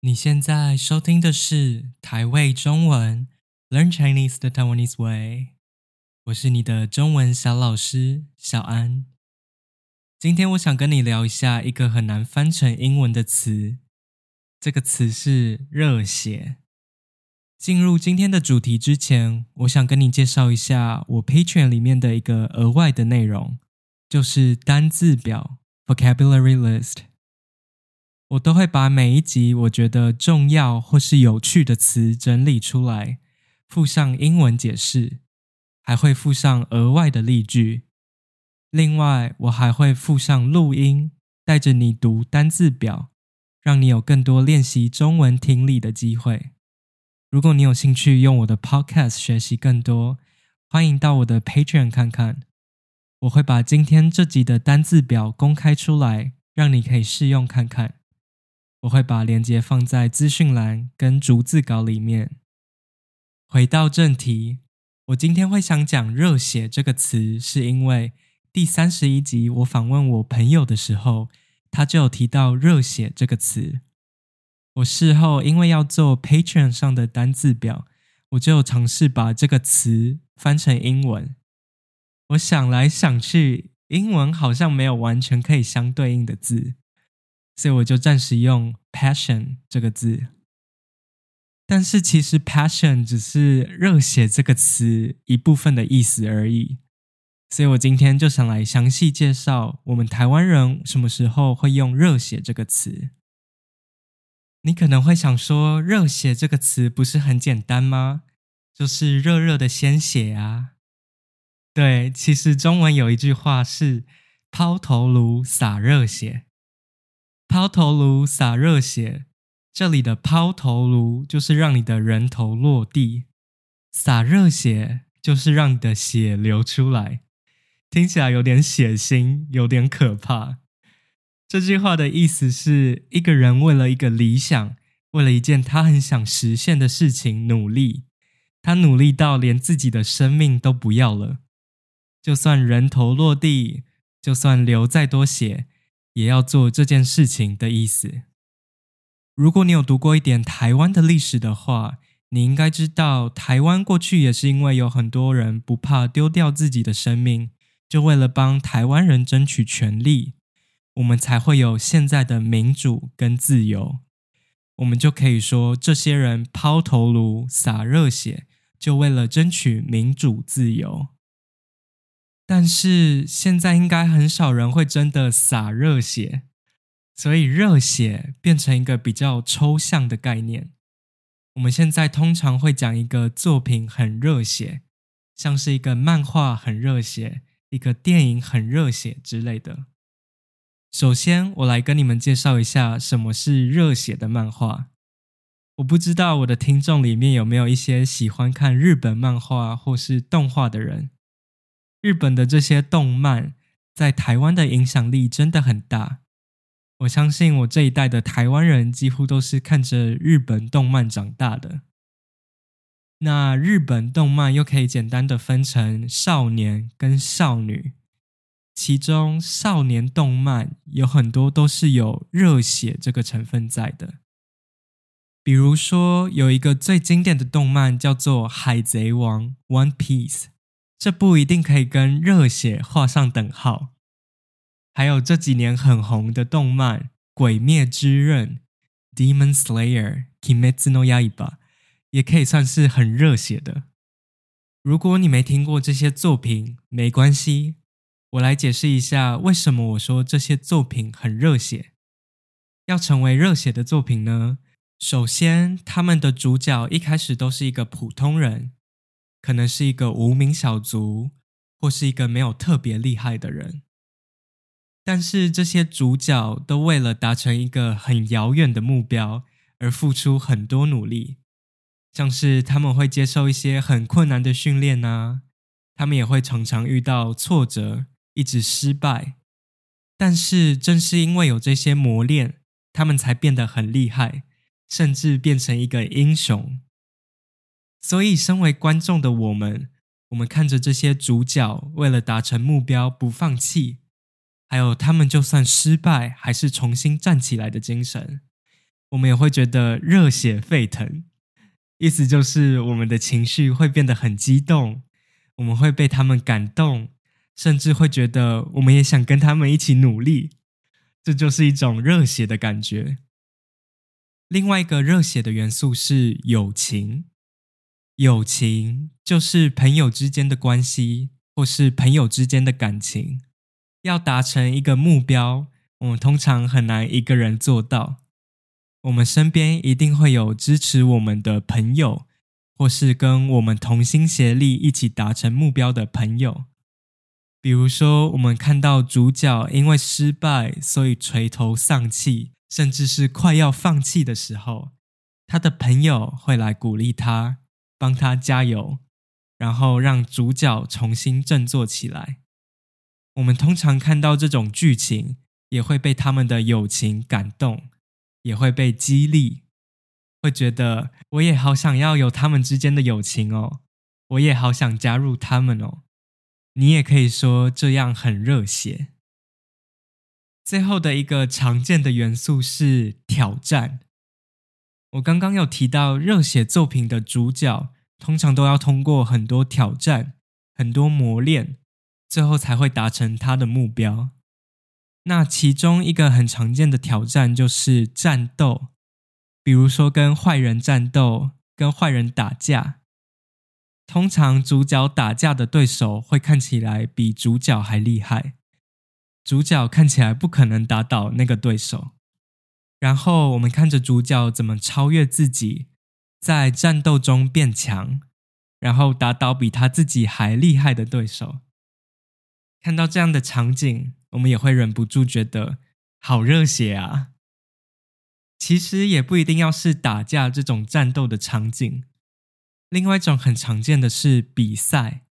你現在收聽的是台味中文 Learn Chinese the Taiwanese way，我是你的中文小老師小安。今天我想跟你聊一下一個很難翻成英文的詞，這個詞是“熱血”。進入今天的主題之前，我想跟你介紹一下我 Patreon 裡面的一個額外的內容，就是單字表 Vocabulary List。我都會把每一集我覺得重要或是有趣的詞整理出來，附上英文解釋，還會附上額外的例句。另外，我還會附上錄音，帶着你讀單字表，讓你有更多練習中文聽力的機會。如果你有興趣用我的 Podcast 學習更多，歡迎到我的 Patreon 看看。我會把今天這集的單字表公開出來，讓你可以試用看看。我會把連結放在資訊欄跟逐字稿裡面。回到正題，我今天會想講“熱血”這個詞，是因為第三十一集我訪問我朋友的時候，他就有提到“熱血”這個詞。我事後因為要做 Patreon 上的單字表，我就有嘗試把這個詞翻成英文。我想來想去，英文好像沒有完全可以相對應的字。所以我就暫時用 “passion” 這個字，但是其實 “passion” 只是“熱血”這個詞一部分的意思而已。所以我今天就想來詳細介紹我們台灣人什麼時候會用“熱血”這個詞。你可能會想說，“熱血”這個詞不是很簡單嗎？就是熱熱的鮮血啊。對，其實中文有一句話是“拋頭顱，灑熱血”。拋頭顱，灑熱血。這裡的“拋頭顱”就是讓你的人頭落地，“灑熱血”就是讓你的血流出來。聽起來有點血腥，有點可怕。這句話的意思是一個人為了一個理想，為了一件他很想實現的事情努力，他努力到連自己的生命都不要了。就算人頭落地，就算流再多血。也要做這件事情的意思。如果你有讀過一點台灣的歷史的話，你應該知道，台灣過去也是因為有很多人不怕丟掉自己的生命，就為了幫台灣人爭取權利，我們才會有現在的民主跟自由。我們就可以說，這些人拋頭顱、灑熱血，就為了爭取民主自由。但是現在應該很少人會真的灑熱血，所以熱血變成一個比較抽象的概念。我們現在通常會講一個作品很熱血，像是一個漫畫很熱血，一個電影很熱血之類的。首先，我來跟你們介紹一下什麼是熱血的漫畫。我不知道我的聽眾裡面有沒有一些喜歡看日本漫畫或是動畫的人。日本的這些動漫在台灣的影響力真的很大，我相信我這一代的台灣人幾乎都是看着日本動漫長大的。那日本動漫又可以簡單的分成少年跟少女，其中少年動漫有很多都是有熱血這個成分在的，比如說有一個最經典的動漫叫做《海賊王》（One Piece）。這不一定可以跟熱血畫上等號。還有這幾年很紅的動漫《鬼滅之刃》（Demon Slayer Kimetsu no Yaiba） 也可以算是很熱血的。如果你沒聽過這些作品，沒關係，我來解釋一下為什麼我說這些作品很熱血。要成為熱血的作品呢？首先，他們的主角一開始都是一個普通人。可能是一個無名小卒，或是一個沒有特別厲害的人，但是這些主角都為了達成一個很遙遠的目標而付出很多努力，像是他們會接受一些很困難的訓練啊，他們也會常常遇到挫折，一直失敗，但是正是因為有這些磨練，他們才變得很厲害，甚至變成一個英雄。所以，身為觀眾的我們，我們看着這些主角為了達成目標不放棄，還有他們就算失敗還是重新站起來的精神，我們也會覺得熱血沸騰。意思就是，我們的情緒會變得很激動，我們會被他們感動，甚至會覺得我們也想跟他們一起努力。這就是一種熱血的感覺。另外一個熱血的元素是友情。友情就是朋友之間的關係，或是朋友之間的感情。要達成一個目標，我們通常很難一個人做到。我們身邊一定會有支持我們的朋友，或是跟我們同心協力一起達成目標的朋友。比如說，我們看到主角因為失敗，所以垂頭喪氣，甚至是快要放棄的時候，他的朋友會來鼓勵他。幫他加油，然後讓主角重新振作起來。我們通常看到這種劇情，也會被他們的友情感動，也會被激勵，會覺得我也好想要有他們之間的友情哦，我也好想加入他們哦。你也可以說這樣很熱血。最後的一個常見的元素是挑戰。我剛剛有提到，熱血作品的主角通常都要通過很多挑戰、很多磨練，最後才會達成他的目標。那其中一個很常見的挑戰就是戰鬥，比如說跟壞人戰鬥、跟壞人打架。通常主角打架的對手會看起來比主角還厲害，主角看起來不可能打倒那個對手。然後我們看着主角怎麼超越自己，在戰鬥中變強，然後打倒比他自己還厲害的對手。看到這樣的場景，我們也會忍不住覺得好熱血啊！其實也不一定要是打架這種戰鬥的場景，另外一種很常見的是比賽，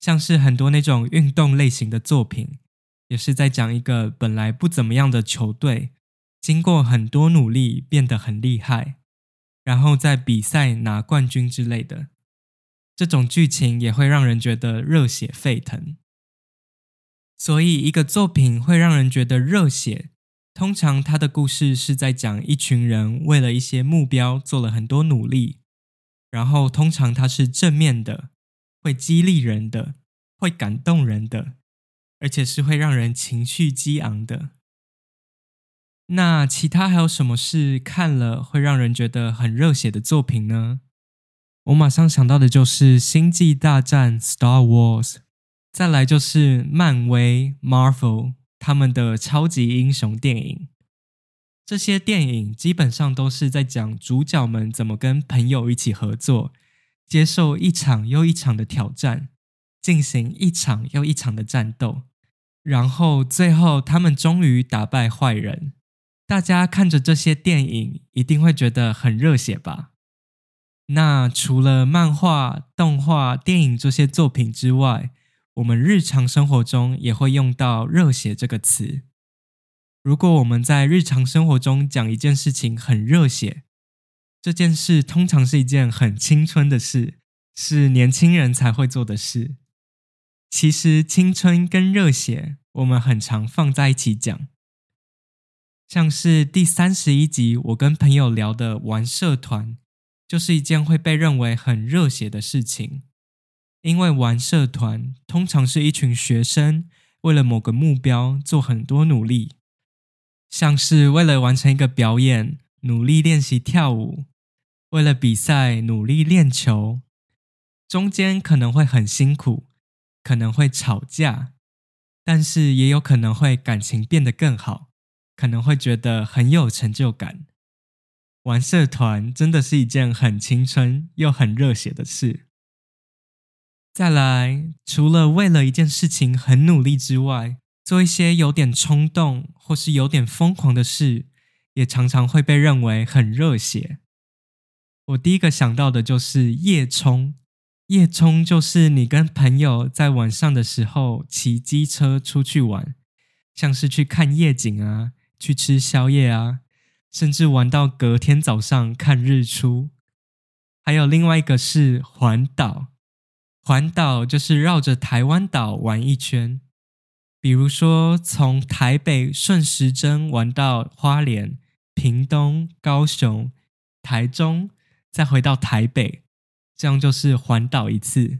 像是很多那種運動類型的作品，也是在講一個本來不怎麼樣的球隊。經過很多努力變得很厲害，然後在比賽拿冠軍之類的，這種劇情也會讓人覺得熱血沸騰。所以，一個作品會讓人覺得熱血，通常它的故事是在講一群人為了一些目標做了很多努力，然後通常它是正面的，會激勵人的，會感動人的，而且是會讓人情緒激昂的。那其他還有什麼是看了會讓人覺得很熱血的作品呢？我馬上想到的就是《星際大戰》（Star Wars），再來就是漫威 （Marvel） 他們的超級英雄電影。這些電影基本上都是在講主角們怎麼跟朋友一起合作，接受一場又一場的挑戰，進行一場又一場的戰鬥，然後最後他們終於打敗壞人。大家看着這些電影，一定會覺得很熱血吧？那除了漫畫、動畫、電影這些作品之外，我們日常生活中也會用到“熱血”這個詞。如果我們在日常生活中講一件事情很熱血，這件事通常是一件很青春的事，是年輕人才會做的事。其實，青春跟熱血，我們很常放在一起講。像是第三十一集，我跟朋友聊的玩社團，就是一件會被認為很熱血的事情。因為玩社團通常是一群學生為了某個目標做很多努力，像是為了完成一個表演，努力練習跳舞，為了比賽努力練球，中間可能會很辛苦，可能會吵架，但是也有可能會感情變得更好。可能會覺得很有成就感，玩社團真的是一件很青春又很熱血的事。再來，除了為了一件事情很努力之外，做一些有點衝動或是有點瘋狂的事，也常常會被認為很熱血。我第一個想到的就是夜衝，夜衝就是你跟朋友在晚上的時候騎機車出去玩，像是去看夜景啊。去吃宵夜啊，甚至玩到隔天早上看日出。還有另外一個是環島，環島就是繞着台灣島玩一圈。比如說從台北順時針玩到花蓮、屏東、高雄、台中，再回到台北，這樣就是環島一次。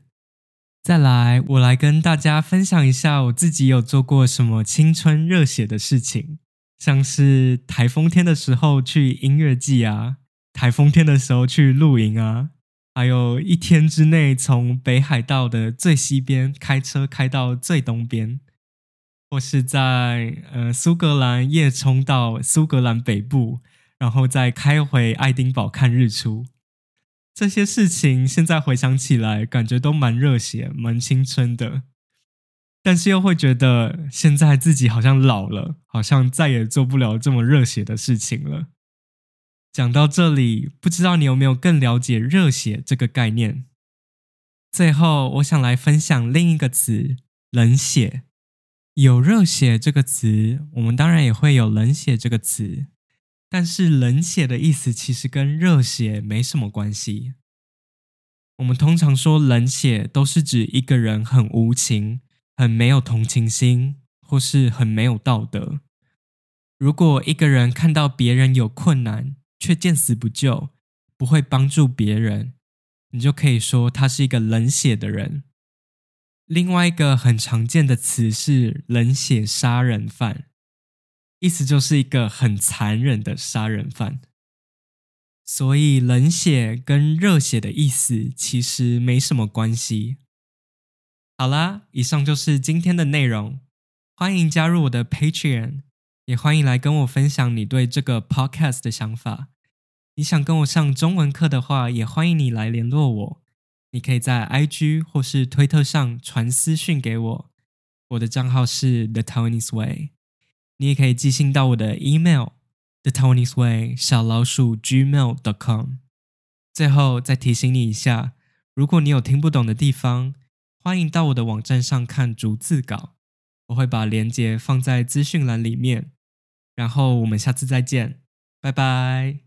再來，我來跟大家分享一下我自己有做過什麼青春熱血的事情。像是颱風天的時候去音樂祭啊，颱風天的時候去露營啊，還有一天之內從北海道的最西邊開車開到最東邊，或是在呃蘇格蘭夜衝到蘇格蘭北部，然後再開回愛丁堡看日出，這些事情現在回想起來，感覺都蠻熱血、蠻青春的。但是又會覺得現在自己好像老了，好像再也做不了這麼熱血的事情了。講到這裡，不知道你有沒有更了解“熱血”這個概念？最後，我想來分享另一個詞，“冷血”。有“熱血”這個詞，我們當然也會有“冷血”這個詞。但是“冷血”的意思其實跟“熱血”沒什麼關係。我們通常說“冷血”，都是指一個人很無情。很沒有同情心，或是很沒有道德。如果一個人看到別人有困難，卻見死不救，不會幫助別人，你就可以說他是一個冷血的人。另外一個很常見的詞是“冷血殺人犯”，意思就是一個很殘忍的殺人犯。所以“冷血”跟“熱血”的意思其實沒什麼關係。好啦，以上就是今天的內容。歡迎加入我的 Patreon，也歡迎來跟我分享你對這個 podcast 的想法。你想跟我上中文課的話，也歡迎你來聯絡我。你可以在 IG 或是推特上傳私訊給我，我的賬號是 thetaiwaneseway。你也可以寄信到我的 email thetaiwaneseway 小老鼠 gmail.com。最後再提醒你一下，如果你有聽不懂的地方，歡迎到我的網站上看逐字稿，我會把連結放在資訊欄裡面。然後我們下次再見，拜拜。